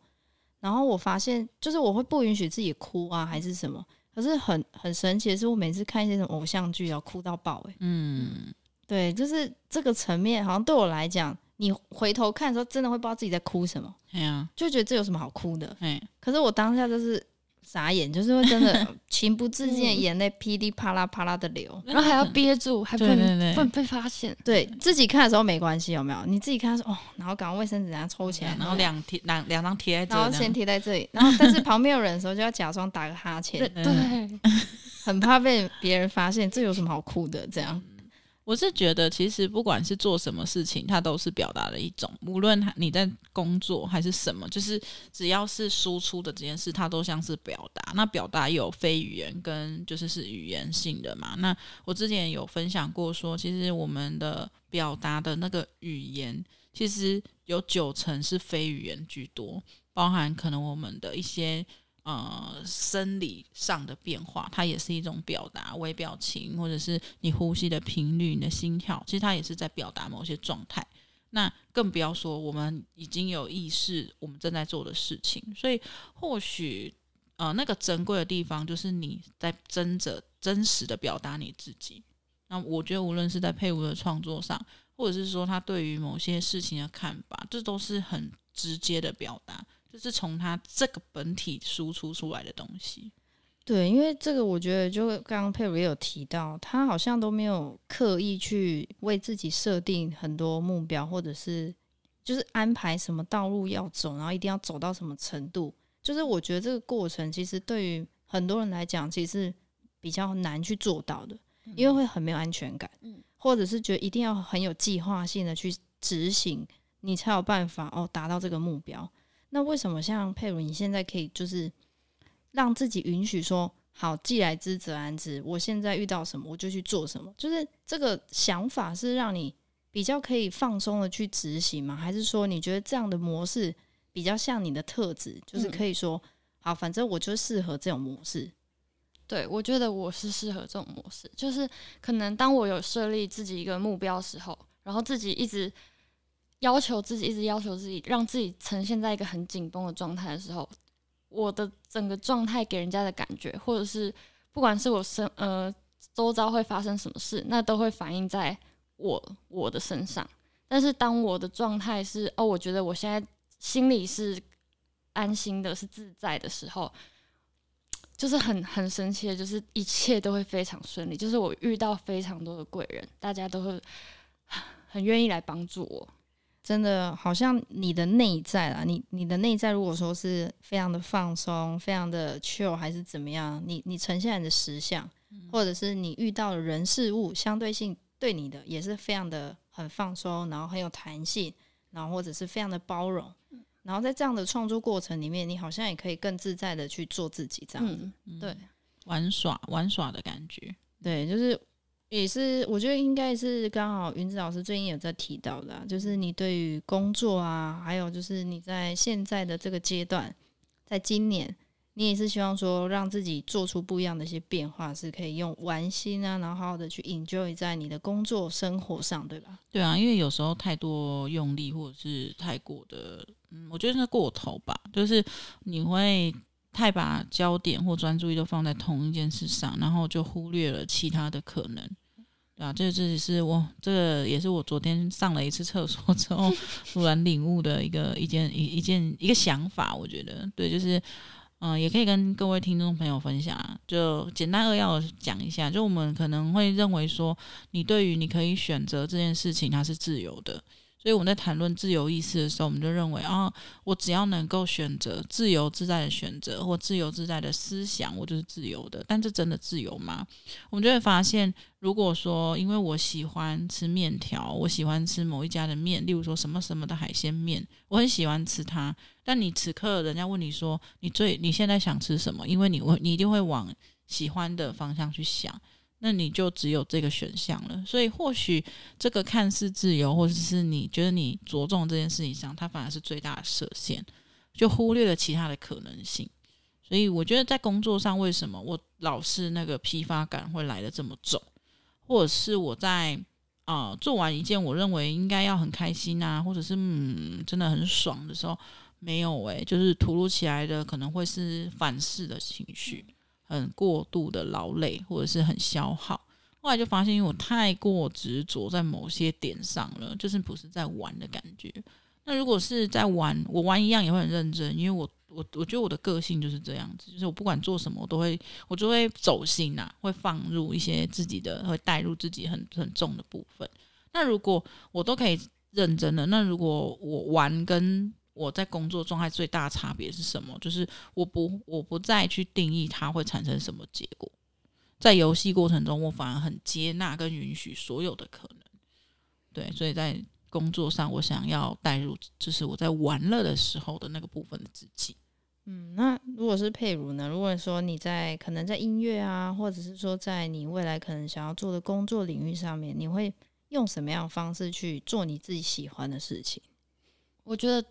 然後我發現，就是我會不允許自己哭啊，還是什麼？可是很很神奇的是，我每次看一些什麼偶像劇，然後哭到爆，欸，哎，嗯，對，就是這個層面，好像對我來講，你回頭看的時候，真的會不知道自己在哭什麼，啊，就覺得這有什麼好哭的，可是我當下就是。傻眼，就是會真的情不自禁眼淚噼里啪啦啪啦的流，嗯，然後還要憋住，還不能對對對，不能被發現。對自己看的時候沒關係，有沒有？你自己看的時候，哦，然後搞衛生紙，然後抽起來，然後兩貼兩兩張貼在這裡，然後先貼在這裡，然後但是旁邊有人的時候就要假裝打個哈欠，對，對嗯、很怕被別人發現，這有什麼好哭的？這樣。我是覺得，其實不管是做什麼事情，它都是表達的一種。無論你在工作還是什麼，就是只要是輸出的這件事，它都像是表達。那表達有非語言跟就是是語言性的嘛。那我之前有分享過說，說其實我們的表達的那個語言，其實有九成是非語言居多，包含可能我們的一些。呃，生理上的變化，它也是一種表達，微表情或者是你呼吸的頻率、你的心跳，其實它也是在表達某些狀態。那更不要說我們已經有意識，我們正在做的事情。所以或，或許呃，那個珍貴的地方就是你在真着真實的表達你自己。那我覺得，無論是在珮茹的創作上，或者是說他對於某些事情的看法，這都是很直接的表達。就是從他這個本體輸出出來的東西，對，因為這個我覺得就剛剛珮茹也有提到，他好像都沒有刻意去為自己設定很多目標，或者是就是安排什麼道路要走，然後一定要走到什麼程度。就是我覺得這個過程其實對於很多人來講，其實是比較難去做到的，嗯，因為會很沒有安全感，嗯，或者是覺得一定要很有計劃性的去執行，你才有辦法哦達到這個目標。那為什麼像珮茹，你現在可以就是讓自己允許說好，既來之則安之。我現在遇到什麼，我就去做什麼，就是這個想法是讓你比較可以放鬆的去執行嗎？還是說你覺得這樣的模式比較像你的特質，就是可以說、嗯、好，反正我就適合這種模式？對，我覺得我是適合這種模式，就是可能當我有設立自己一個目標的時候，然後自己一直。要求自己，一直要求自己，讓自己呈現在一個很緊繃的狀態的時候，我的整個狀態給人家的感覺，或者是不管是我生，呃周遭會發生什麼事，那都會反映在我我的身上。但是當我的狀態是哦，我覺得我現在心裡是安心的，是自在的時候，就是很很神奇的，就是一切都會非常順利。就是我遇到非常多的貴人，大家都會很願意來幫助我。真的好像你的內在啊。你你的內在如果說是非常的放鬆，非常的 chill，還是怎麼樣？你你呈現你的實相，嗯，或者是你遇到的人事物相對性對你的也是非常的很放鬆，然後很有彈性，然後或者是非常的包容。嗯、然後在這樣的創作過程裡面，你好像也可以更自在的去做自己這樣子，嗯、對，玩耍玩耍的感覺，對，就是。也是，我覺得應該是剛好芸子老師最近有在提到的啊，就是你對於工作啊，還有就是你在現在的這個階段，在今年，你也是希望說讓自己做出不一樣的一些變化，是可以用玩心啊，然後好好的去 enjoy 在你的工作生活上，對吧？對啊，因為有時候太多用力，或者是太過的，嗯，我覺得是過頭吧，就是你會太把焦點或專注力都放在同一件事上，然後就忽略了其他的可能。啊，這這只是我，這個也是我昨天上了一次廁所之後突 [LAUGHS] 然領悟的一個一件一一件一個想法，我覺得對，就是嗯、呃，也可以跟各位聽眾朋友分享，就簡單扼要講一下，就我們可能會認為說，你對於你可以選擇這件事情，它是自由的。所以我們在談論自由意識的時候，我們就認為啊，我只要能夠選擇自由自在的選擇或自由自在的思想，我就是自由的。但這真的自由嗎？我們就會發現，如果說因為我喜歡吃麵條，我喜歡吃某一家的麵，例如說什麼什麼的海鮮麵，我很喜歡吃它。但你此刻人家問你說，你最你現在想吃什麼？因為你你一定會往喜歡的方向去想。那你就只有這個選項了，所以或許這個看似自由，或者是你覺得你着重這件事情上，它反而是最大的設限，就忽略了其他的可能性。所以我覺得在工作上，為什麼我老是那個疲乏感會來得這麼重，或者是我在啊、呃、做完一件我認為應該要很開心啊，或者是嗯真的很爽的時候，沒有誒、欸，就是突如其來的可能會是反噬的情緒。很、嗯、過度的勞累，或者是很消耗。後來就發現，因為我太過執着在某些點上了，就是不是在玩的感覺。那如果是在玩，我玩一樣也會很認真，因為我我我覺得我的個性就是這樣子，就是我不管做什麼，我都會我就會走心啊，會放入一些自己的，會帶入自己很很重的部分。那如果我都可以認真的，那如果我玩跟我在工作狀態最大的差別是什麼？就是我不，我不再去定義它會產生什麼結果。在遊戲過程中，我反而很接納跟允許所有的可能。對，所以在工作上，我想要帶入就是我在玩樂的時候的那個部分的自己。嗯，那如果是珮茹呢？如果說你在可能在音樂啊，或者是說在你未來可能想要做的工作領域上面，你會用什麼樣的方式去做你自己喜歡的事情？我覺得。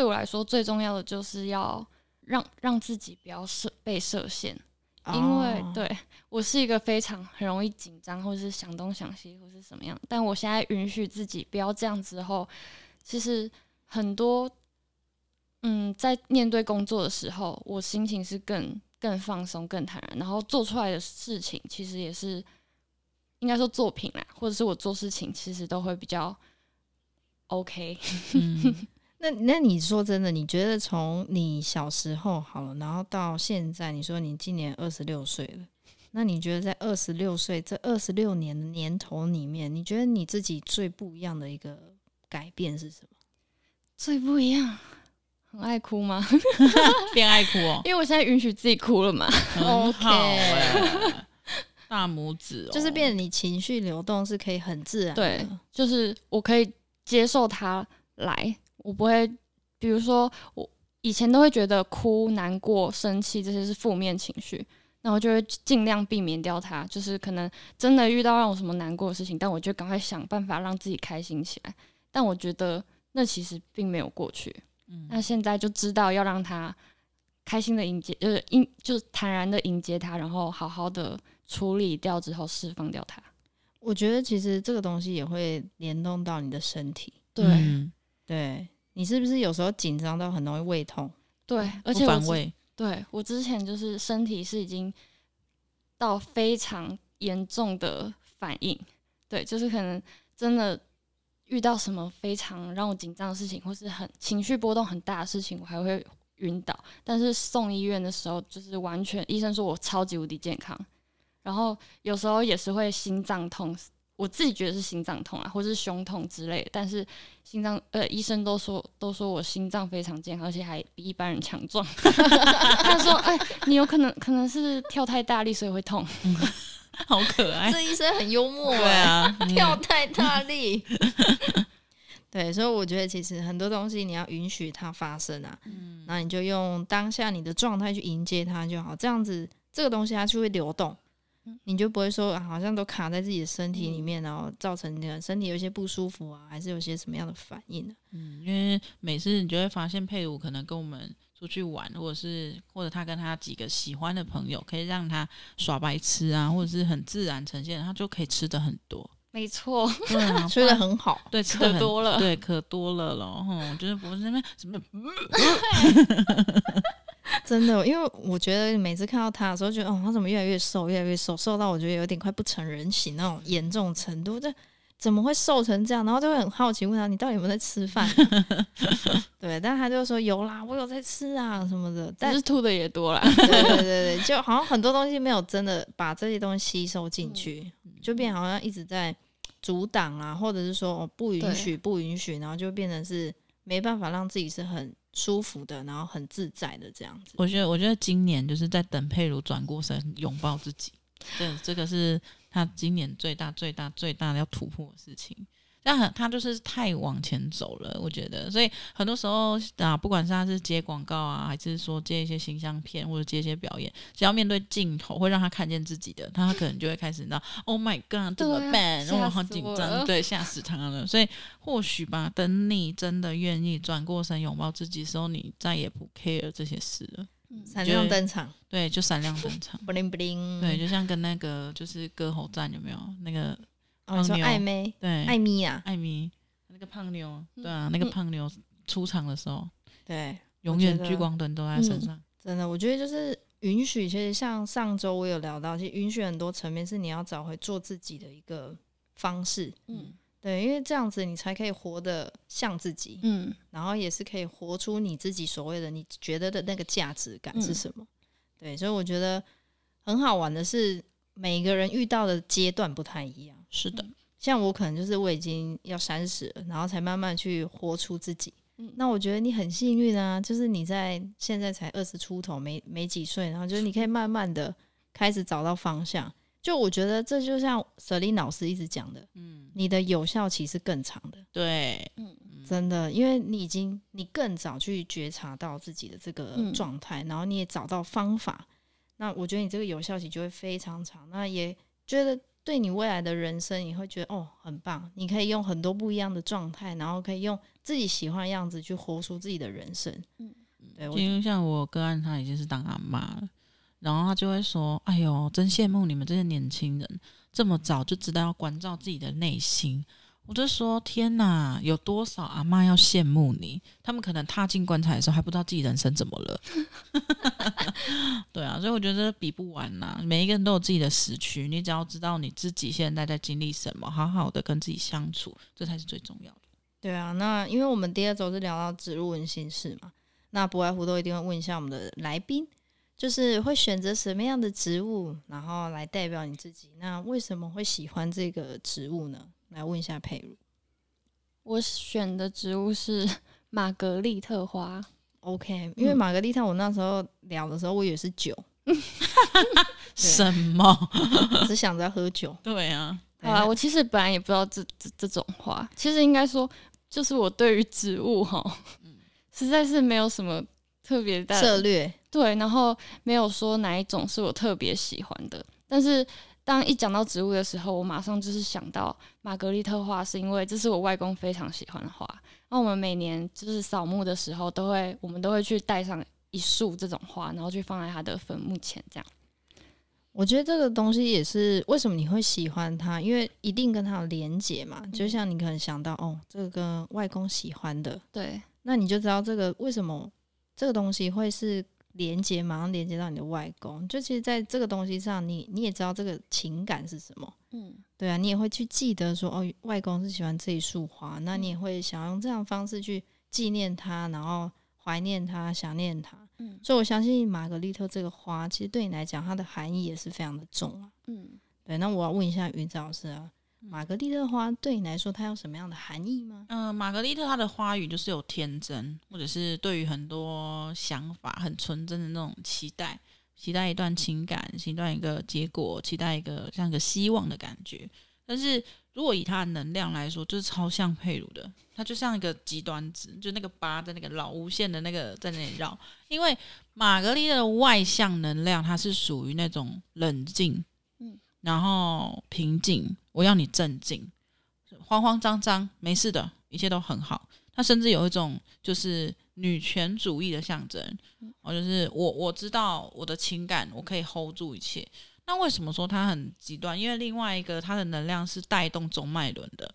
對我來說最重要的就是要讓讓自己不要設被設限，oh. 因為對我是一個非常很容易緊張，或是想東想西，或是什麼樣。但我現在允許自己不要這樣之後，其實很多嗯，在面對工作的時候，我心情是更更放鬆、更坦然，然後做出來的事情其實也是應該說作品啦，或者是我做事情，其實都會比較 OK。嗯 [LAUGHS] 那那你說真的，你覺得從你小時候好了，然後到現在，你說你今年二十六歲了，那你覺得在二十六歲這二十六年的年頭裡面，你覺得你自己最不一樣的一個改變是什麼？最不一樣，很愛哭嗎？ [LAUGHS] 變愛哭哦， [LAUGHS] 因為我現在允許自己哭了嘛。很好欸， [LAUGHS] 大拇指哦，就是變成你情緒流動是可以很自然的，對，就是我可以接受它來。我不會，比如說我以前都會覺得哭、難過、生氣這些是負面情緒，那我就會盡量避免掉它。就是可能真的遇到讓我什麼難過的事情，但我就趕快想辦法讓自己開心起來。但我覺得那其實並沒有過去。嗯，那現在就知道要讓他開心的迎接，就是迎就是坦然的迎接他，然後好好的處理掉之後，釋放掉他。我覺得其實這個東西也會聯動到你的身體。對。嗯對，你是不是有時候緊張到很容易胃痛？對，而且反胃。我對我之前就是身體是已經到非常嚴重的反應。對，就是可能真的遇到什麼非常讓我緊張的事情，或是很情緒波動很大的事情，我還會暈倒。但是送醫院的時候，就是完全醫生說我超級無敵健康。然後有時候也是會心臟痛。我自己覺得是心臟痛啊，或者是胸痛之類的，但是心臟呃，醫生都說都說我心臟非常健康，而且還比一般人強壯。 [LAUGHS] 他說：“哎、欸，你有可能可能是跳太大力，所以會痛。”嗯，好可愛， [LAUGHS] 這醫生很幽默、欸。對啊、嗯，跳太大力。 [LAUGHS] 對，所以我覺得其實很多東西你要允許它發生啊，那、嗯、你就用當下你的狀態去迎接它就好，這樣子這個東西它就會流動。你就不會說、啊、好像都卡在自己的身體裡面，嗯、然後造成那個身體有些不舒服啊，還是有些什麼樣的反應呢、啊？嗯，因為每次你就會發現珮茹可能跟我們出去玩，或者是或者他跟他幾個喜歡的朋友，可以讓他耍白痴啊，或者是很自然呈現，他就可以吃的很多。沒錯，吃的很好，對，吃的多了，對，可多了咯。哼、嗯，就是不是那邊什麼。 [LAUGHS] [LAUGHS] 真的，因為我覺得每次看到他的時候，覺得哦，他怎麼越來越瘦，越來越瘦，瘦到我覺得有點快不成人形那種嚴重程度。就怎麼會瘦成這樣？然後就會很好奇問他，你到底有沒有在吃飯啊？ [LAUGHS] 對，但他就說有啦，我有在吃啊什麼的，但是吐的也多啦， [LAUGHS] 對對對對，就好像很多東西沒有真的把這些東西吸收進去，就變好像一直在阻擋啊，或者是說我不允許，不允許，然後就變成是沒辦法讓自己是很。舒服的，然後很自在的這樣子。我覺得，我覺得今年就是在等珮茹轉過身擁抱自己。 [LAUGHS] 對，這個是他今年最大、最大、最大的要突破的事情。但很他就是太往前走了，我覺得，所以很多時候啊，不管是他是接廣告啊，還是說接一些形象片或者接一些表演，只要面對鏡頭，會讓他看見自己的，他可能就會開始你知道 [LAUGHS] ，Oh my God，怎麼辦？我好、啊、緊張，對，嚇死他了。所以或許吧，等你真的願意轉過身擁抱自己的時候，你再也不 care 這些事了。閃、嗯、亮登場，對，就閃亮登場，bling [LAUGHS] bling。對，就像跟那個就是歌喉戰有沒有那個？哦、說曖昧，嗯、對艾米呀，艾米、啊、那個胖妞，對啊，嗯、那個胖妞出場的時候，對、嗯，永遠聚光燈都在身上、嗯。真的，我覺得就是允許，其實像上週我有聊到，其實允許很多層面是你要找回做自己的一個方式，嗯，對，因為這樣子你才可以活得像自己，嗯，然後也是可以活出你自己所謂的你覺得的那個價值感是什麼、嗯，對，所以我覺得很好玩的是每個人遇到的階段不太一樣。是的、嗯，像我可能就是我已經要三十了，然後才慢慢去活出自己、嗯。那我覺得你很幸運啊，就是你在現在才二十出頭，沒沒幾歲，然後就是你可以慢慢的開始找到方向。就我覺得這就像舍利、嗯、老師一直講的，嗯，你的有效期是更長的。對，嗯，真的，因為你已經你更早去覺察到自己的這個狀態、嗯，然後你也找到方法，那我覺得你這個有效期就會非常長。那也覺得。對你未來的人生，你會覺得哦，很棒，你可以用很多不一樣的狀態，然後可以用自己喜歡的樣子去活出自己的人生。嗯，對。因為像我個案，他已經是當阿媽了，然後他就會說：“哎呦，真羨慕你們這些年輕人，這麼早就知道要關照自己的內心。”我就說天哪，有多少阿嬤要羨慕你？他們可能踏進棺材的時候還不知道自己人生怎麼了。 [LAUGHS] 對啊，所以我覺得比不完吶。每一個人都有自己的時區，你只要知道你自己現在在經歷什麼，好好的跟自己相處，這才是最重要的。對啊，那因為我們第二周是聊到植入溫心室嘛，那不外乎都一定會問一下我們的來賓，就是會選擇什麼樣的植物，然後來代表你自己。那為什麼會喜歡這個植物呢？來問一下佩如，我選的植物是瑪格麗特花。OK，因為瑪格麗特，我那時候聊的時候，我以為是酒， [LAUGHS] [LAUGHS] 什麼 [LAUGHS] 只想着喝酒。對啊，啊，我其實本來也不知道這這這種花。其實應該說，就是我對於植物哈，實在是沒有什麼特別的策略。對，然後沒有說哪一種是我特別喜歡的，但是。當一講到植物的時候，我馬上就是想到瑪格麗特花，是因為這是我外公非常喜歡的花。那我們每年就是掃墓的時候，都會我們都會去帶上一束這種花，然後去放在他的墳墓前。這樣，我覺得這個東西也是為什麼你會喜歡它，因為一定跟它有連接嘛、嗯。就像你可能想到，哦，這個跟外公喜歡的，對，那你就知道這個為什麼這個東西會是。連接，馬上連接到你的外公。就其實在這個東西上，你你也知道這個情感是什麼，嗯，對啊，你也會去記得說，哦，外公是喜歡這一束花，嗯、那你也會想要用這樣的方式去紀念他，然後懷念他，想念他。嗯，所以我相信瑪格麗特這個花，其實對你來講，它的含義也是非常的重啊。嗯，對，那我要問一下芸子老師啊。瑪格麗特花對你來說，它有什麼樣的含義嗎？嗯、呃，瑪格麗特它的花語就是有天真，或者是對於很多想法很純真的那種期待，期待一段情感，期待一個結果，期待一個像一個希望的感覺。但是如果以它的能量來說，就是超像珮茹的，它就像一個極端子，就那個八在那個老無限的那個在那裡繞。因為瑪格麗特的外向能量，它是屬於那種冷靜，嗯，然後平靜。我要你鎮靜，慌慌張張，沒事的，一切都很好。它甚至有一種就是女權主義的象徵，我就是我，我知道我的情感，我可以 hold 住一切。那為什麼說它很極端？因為另外一個它的能量是帶動中脈輪的，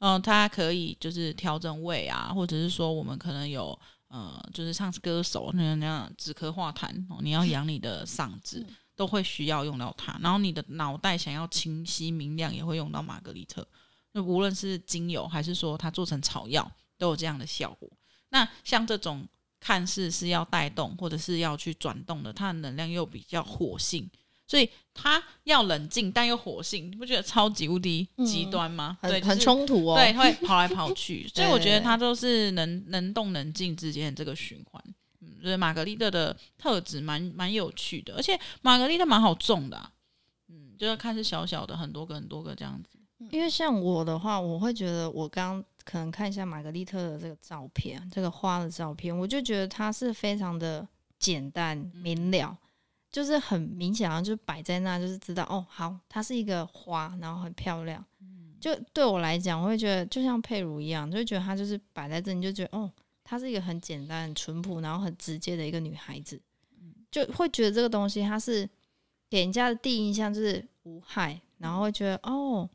嗯、呃，它可以就是調整胃啊，或者是說我們可能有嗯、呃，就是唱歌手那樣那樣止咳化痰，你要養你的嗓子。 [LAUGHS] 都會需要用到它，然後你的腦袋想要清晰明亮也會用到瑪格麗特。那無論是精油還是說它做成草藥，都有這樣的效果。那像這種看似是要帶動或者是要去轉動的，它的能量又比較火性，所以它要冷靜但又火性，你不覺得超級無敵、嗯、極端嗎？對，就是、很衝突哦。對，會跑來跑去。 [LAUGHS] 所以我覺得它都是能能動能靜之間的這個循環。就是瑪格麗特的特質蠻蠻有趣的，而且瑪格麗特蠻好種的，啊，嗯，就要看是小小的很多個很多個這樣子。因為像我的話，我會覺得我剛可能看一下瑪格麗特的這個照片，這個花的照片，我就覺得它是非常的簡單明了，嗯，就是很明顯，啊，就擺在那，就是知道哦，好，它是一個花，然後很漂亮。就對我來講，我會覺得就像珮茹一樣，就會覺得它就是擺在這裡，就覺得哦。她是一個很簡單、很淳樸，然後很直接的一個女孩子，就會覺得這個東西，她是給人家的第一印象就是無害，然後會覺得哦，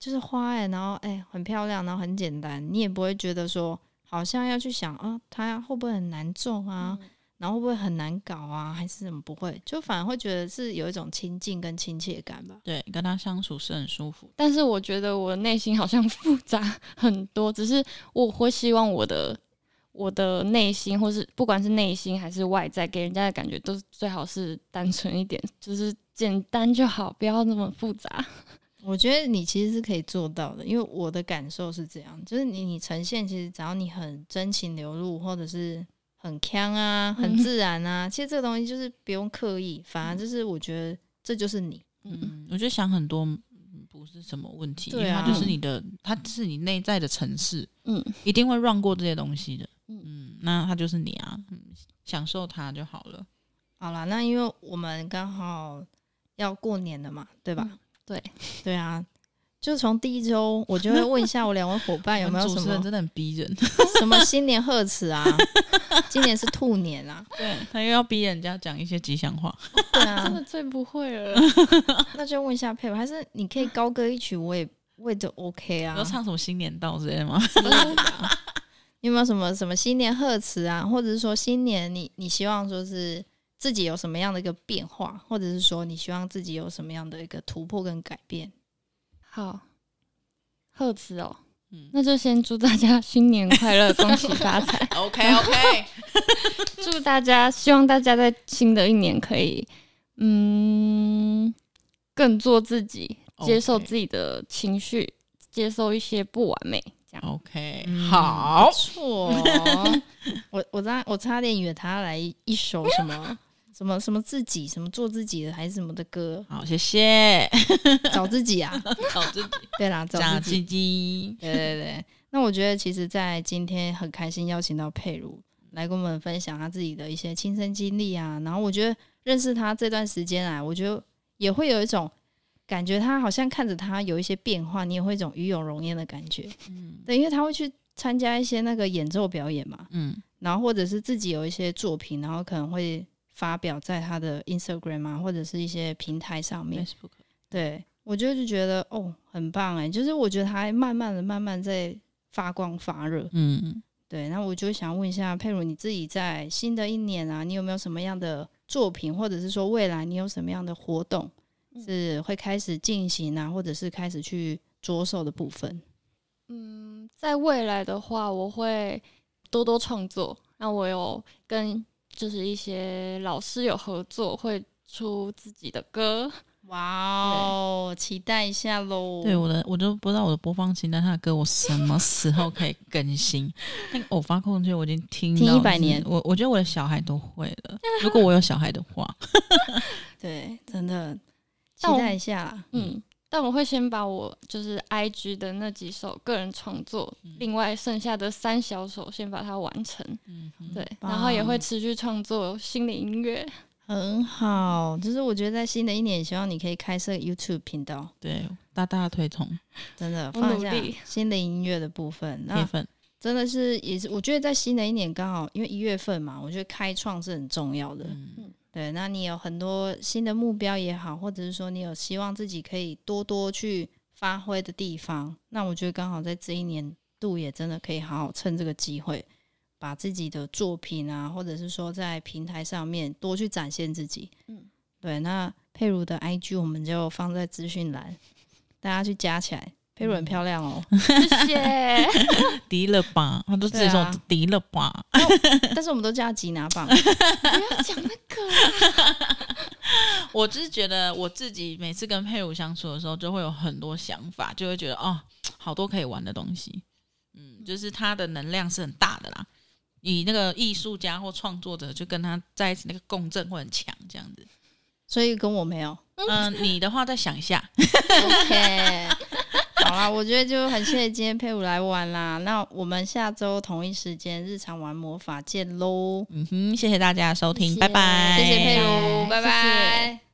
就是花誒。然後哎、欸，很漂亮，然後很簡單，你也不會覺得說好像要去想啊，她、呃、會不會很難種啊、嗯，然後會不會很難搞啊，還是什麼不會，就反而會覺得是有一種親近跟親切感吧。對，跟她相處是很舒服，但是我覺得我內心好像複雜很多，只是我會希望我的。我的內心，或是不管是內心還是外在，給人家的感覺都是最好是單純一點，就是簡單就好，不要那麼複雜。我覺得你其實是可以做到的，因為我的感受是這樣，就是你你呈現，其實只要你很真情流露，或者是很 can 啊，很自然啊，嗯，其實這個東西就是不用刻意，反而就是我覺得這就是你。嗯，嗯，我覺得想很多不是什麼問題，對啊，它就是你的，它是你內在的程式，嗯，一定會 run 過這些東西的。嗯，那他就是你啊，嗯、享受他就好了。好了，那因為我們剛好要過年了嘛，對吧？嗯、對，對啊，就從第一周我就會問一下我兩位夥伴有沒有什麼 [LAUGHS] 我們主持人真的很逼人， [LAUGHS] 什麼新年賀詞啊， [LAUGHS] 今年是兔年啊，對，他又要逼人家講一些吉祥話， [LAUGHS] 哦、對啊， [LAUGHS] 真的最不會了， [LAUGHS] 那就問一下配吧，還是你可以高歌一曲我，我也就 OK 啊，你要唱什麼新年到這些嗎？ [LAUGHS] [LAUGHS] 有沒有什麼什麼新年賀詞啊，或者是說，新年你你希望說是自己有什麼樣的一個變化，或者是說你希望自己有什麼樣的一個突破跟改變？好，賀詞哦，嗯，那就先祝大家新年快樂，恭喜發財。 [LAUGHS] OK OK， [LAUGHS] 祝大家，希望大家在新的一年可以嗯，更做自己，接受自己的情緒，okay, 接受一些不完美。OK，、嗯、好，錯，我我差我差點以為他來一首什麼 [LAUGHS] 什麼什麼自己什麼做自己的還是什麼的歌，好，謝謝，找自己啊， [LAUGHS] 找自己， [LAUGHS] 對啦，找自己， [LAUGHS] 對對對，那我覺得其實，在今天很開心邀請到佩如來跟我們分享他自己的一些親身經歷啊，然後我覺得認識他這段時間啊，我覺得也會有一種。感覺他好像看着他有一些變化，你也會有一種與有榮焉的感覺，嗯、對，因為他會去參加一些那個演奏表演嘛，嗯，然後或者是自己有一些作品，然後可能會發表在他的 Instagram 啊，或者是一些平台上面，Facebook，對，我就就覺得哦，很棒哎，欸，就是我覺得他還慢慢的、慢慢在發光發熱，嗯嗯，對，那我就想問一下珮茹，你自己在新的一年啊，你有沒有什麼樣的作品，或者是說未來你有什麼樣的活動？是會開始進行啊，或者是開始去着手的部分。嗯，在未來的話，我會多多創作。那我有跟就是一些老師有合作，會出自己的歌。哇哦，期待一下嘍！對，我的我都不知道我的播放清單，他的歌我什麼時候可以更新？ [LAUGHS] 那個偶發空間我已經聽了一百年，我我覺得我的小孩都會了。 [LAUGHS] 如果我有小孩的話， [LAUGHS] 對，真的。期待一下，嗯，嗯，但我會先把我就是 I G 的那幾首個人創作，嗯，另外剩下的三小首先把它完成，嗯，對，然後也會持續創作心靈音樂，很好。就是我覺得在新的一年，希望你可以開設 YouTube 頻道，對，大大的推崇，真的，放下，我努力，新的音樂的部分，那真的是也是，我覺得在新的一年剛好，因為一月份嘛，我覺得開創是很重要的，嗯。嗯對，那你有很多新的目標也好，或者是說你有希望自己可以多多去發揮的地方，那我覺得剛好在這一年度也真的可以好好趁這個機會，把自己的作品啊，或者是說在平台上面多去展現自己。嗯，對，那珮茹的 IG 我們就放在資訊欄，大家去加起來。珮茹很漂亮哦，謝謝。 [LAUGHS] 迪勒巴，他都自己說迪勒巴、哦，但是我們都叫他吉拿棒。不 [LAUGHS] 要講那個、啊。 [LAUGHS] 我就是覺得我自己每次跟珮茹相處的時候，就會有很多想法，就會覺得哦，好多可以玩的東西。嗯，就是他的能量是很大的啦，以那個藝術家或創作者就跟他在一起，那個共振會很強，這樣子。所以跟我沒有。嗯，你的話再想一下。 [LAUGHS] o、okay. k [LAUGHS] 好啦，我覺得就很謝謝今天珮茹來玩啦。 [LAUGHS] 那我們下周同一時間日常玩魔法見嘍。嗯哼，謝謝大家收聽謝謝，拜拜。謝謝珮茹，拜拜。拜拜，謝謝，拜拜。